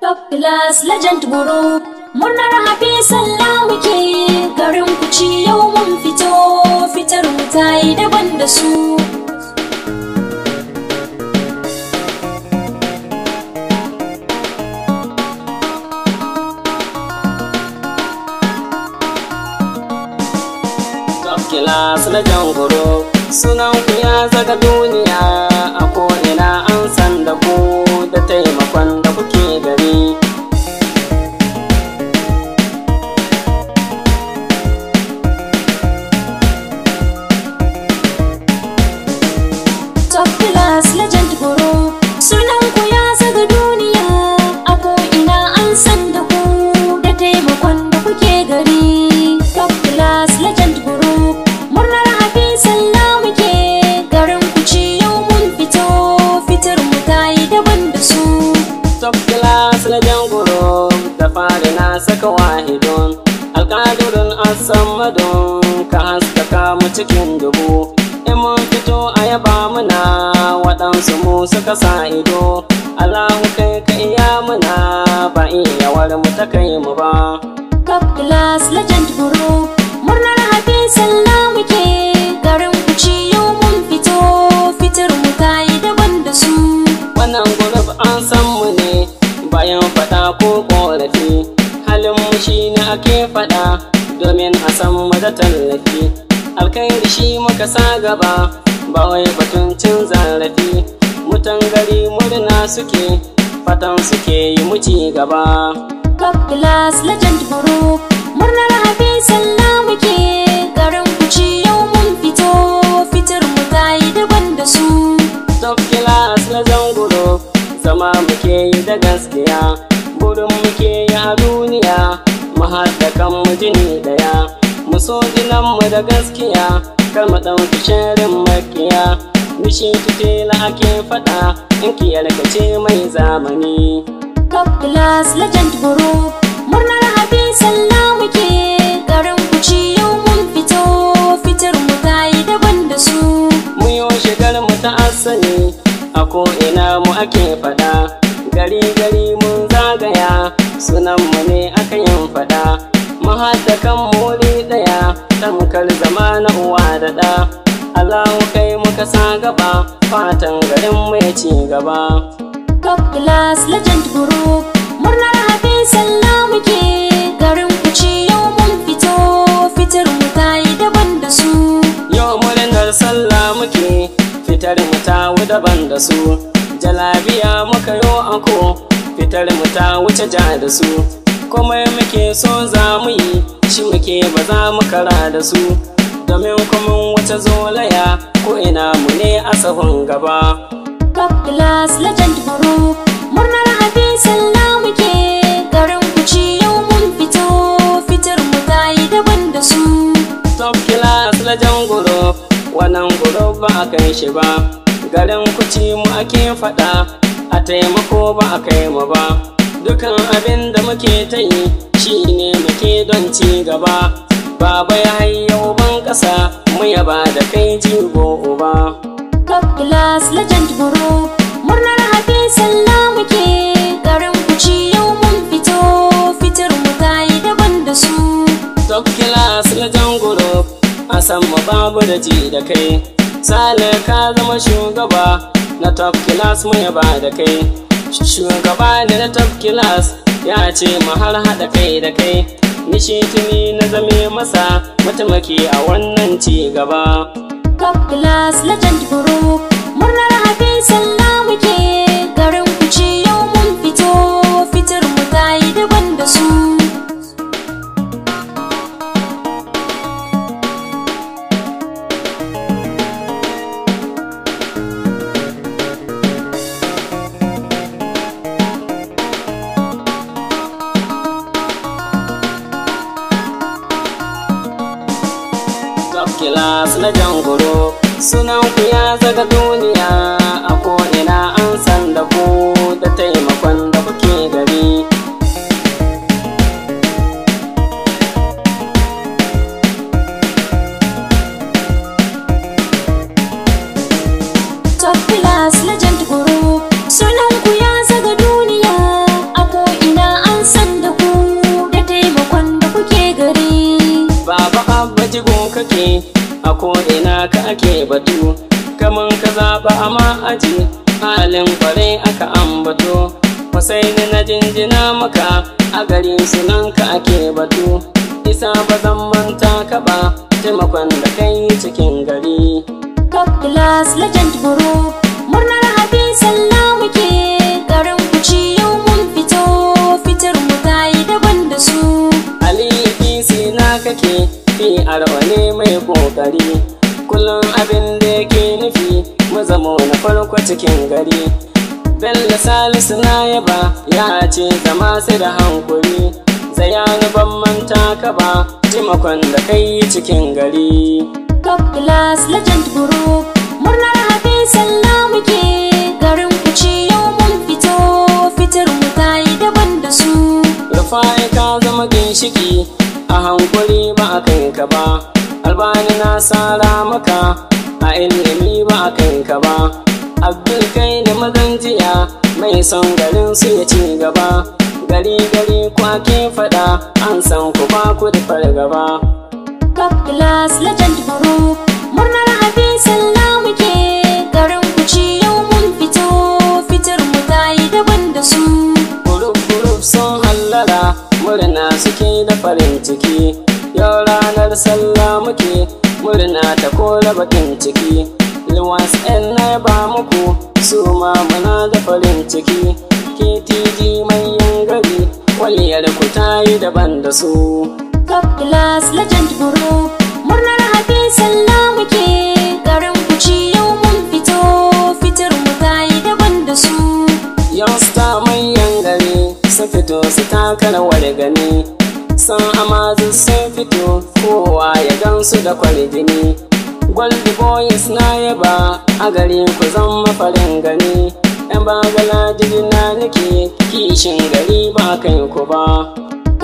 Top class legend guru Munar hafi sallah muke garin kuci yau mun fito fitar mu ta yi daban da su. Top class legend guru sunan ku ya zaga duniya. cikin dubu in mun fito a yaba muna waɗansu mu suka sa ido Allahu kai ka iya muna ba iya war mu ta kai mu ba Top Class Legend Guru, murnar hafin sallah muke garin kuci yau mun fito fitar mu ta yi daban da su wannan group an san mu ne bayan faɗa ko ƙorafi halin mu shi ne ake faɗa domin a san mu da tallafi alkhairi shi muka sa gaba ba wai batun cin zarafi mutan gari murna suke fatan suke yi mu gaba Top class legend group murnar hafi sallah muke garin kuci yau mun fito fitar mu ta yi daban da su top class legend group zama muke yi da gaskiya burin muke yi a duniya mu haɗa kan mu jini so mu da gaskiya kar mu ɗauki sharin makiya mishi la ake faɗa in ki yarkace mai zamani top class legend group murnar habi sallah muke garin kuci yau mun fito fitar mu ta yi daban da su mu yo shigar mu ta asali a ko ina mu ake faɗa gari gari mun zagaya sunan mu ne aka yin faɗa mahata mu daya, ɗaya tamkar zama na uwa da ɗa Allah kai muka sa gaba fatan garin mu ya ci gaba Top class legend group murnar hafin sallah muke garin ku ce yau mun fito fitar mu ta yi daban da su yau murnar sallah muke fitar mu ta daban da su jalabiya muka yo ako fitar mu ta wuce ja da su komai muke so za mu yi shi muke ba za mu kara da su domin kuma wata zolaya ko ina mu ne a sahun gaba top class legend group murnar abin sallah muke garin kuci yau mun fito fitar mu ta yi daban da su top class legend wannan group ba a kai shi ba garin kuci mu ake faɗa a taimako ba a kai mu ba dukan abin da muke ta yi shi ne muke don ci gaba baba ya hayyau ban ƙasa mu yaba da kai jigo uba top class legend guru murnar hafi sallah muke garin kuci yau mun fito fitar mu ta yi daban da su top class legend guru a san babu da ji da kai sale ka zama shugaba na top class mu yaba da kai shugaba da na top class ya ce mu har haɗa kai da kai nishi tuni na zame masa matamaki a wannan ci gaba top class legend group murnar hafi sallah kila na jangoro sunan ku ya zaga duniya a ko'ina an san da ku da taimakon waje halin kwarai aka ambato Husaini na jinjina maka a gari sunanka ake batu isa ba zan manta ka ba taimakon da kai cikin gari Top legend guru murnar hadisan Bello Salisu na yaba ya ce zama sai da hankuri Zayani ban manta ka ba jimakon da kai cikin gari Top class legend group murnar hafi sallah muke garin kuci yau mun fito fitar mu ta yi daban da su Rufai ka zama ginshiki a hankuri ba a kai ka ba Albani na sara maka a ilimi ba a kai ka ba abdul kai da mazan mai son garin su ya ci gaba gari gari kwake fada an san ku ba ku da fargaba cup glass legend baro murnar abin sallah muke garin ku ci yau mun fito fitar mu ta yi daban da su gurup gurup sun hallala murna suke da farin ciki yau ranar sallah muke murna ta kora bakin ciki Lewis N ce daban da su Top class legend group murnar hafi sallah muke garin kuci yau mun fito fitar mu ta yi daban da su yan ta manyan gari sun fito su taka ware gani san amazu sun fito kowa ya gansu da kwaligini Gold boys na yaba a gari ku zan mafarin gani ‘yan bagala jirina nake kishin gari ba kai ku ba.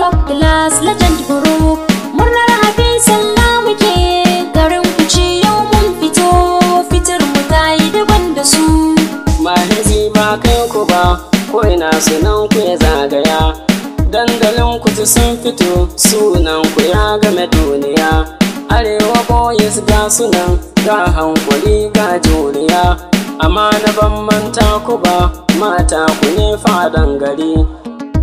top class legend group murnar abin sallah muke garin ku ce yau mun fito fitar mu ta yi daban da su mahaifi ba kai ku ba ko ina sunan ku ya zagaya dandalin ku sun fito sunan ku ya game duniya arewa boys ga sunan ga hankuli ga juriya amma na ban manta ku ba mata ku ne fadan gari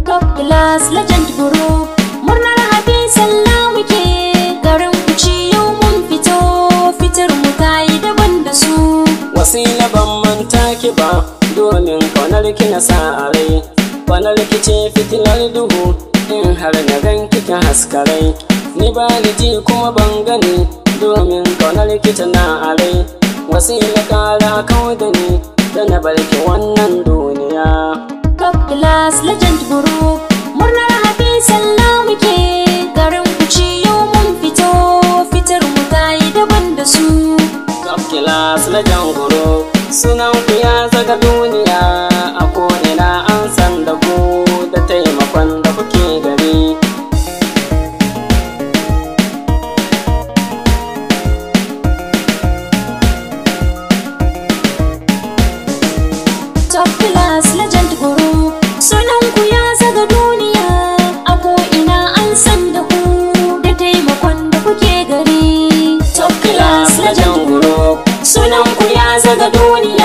top class legend group murnar habi sallah wike. garin kuci yau mun fito fitar mu tayi daban da su wasila ban manta ki ba domin kaunar ki na sa a rai kwanar ki ce fitilar duhu in har na gan kika haskarai ni ba ni ji kuma ban gani domin kaunar ki tana a rai wasila kara kawai da ni da na barki wannan duniya top class legend group murnar habi sallah muke garin yau mun fito fitar mu tayi daban da su top class legend group sunan ku ya zaga duniya sunan ku ya zaga duniya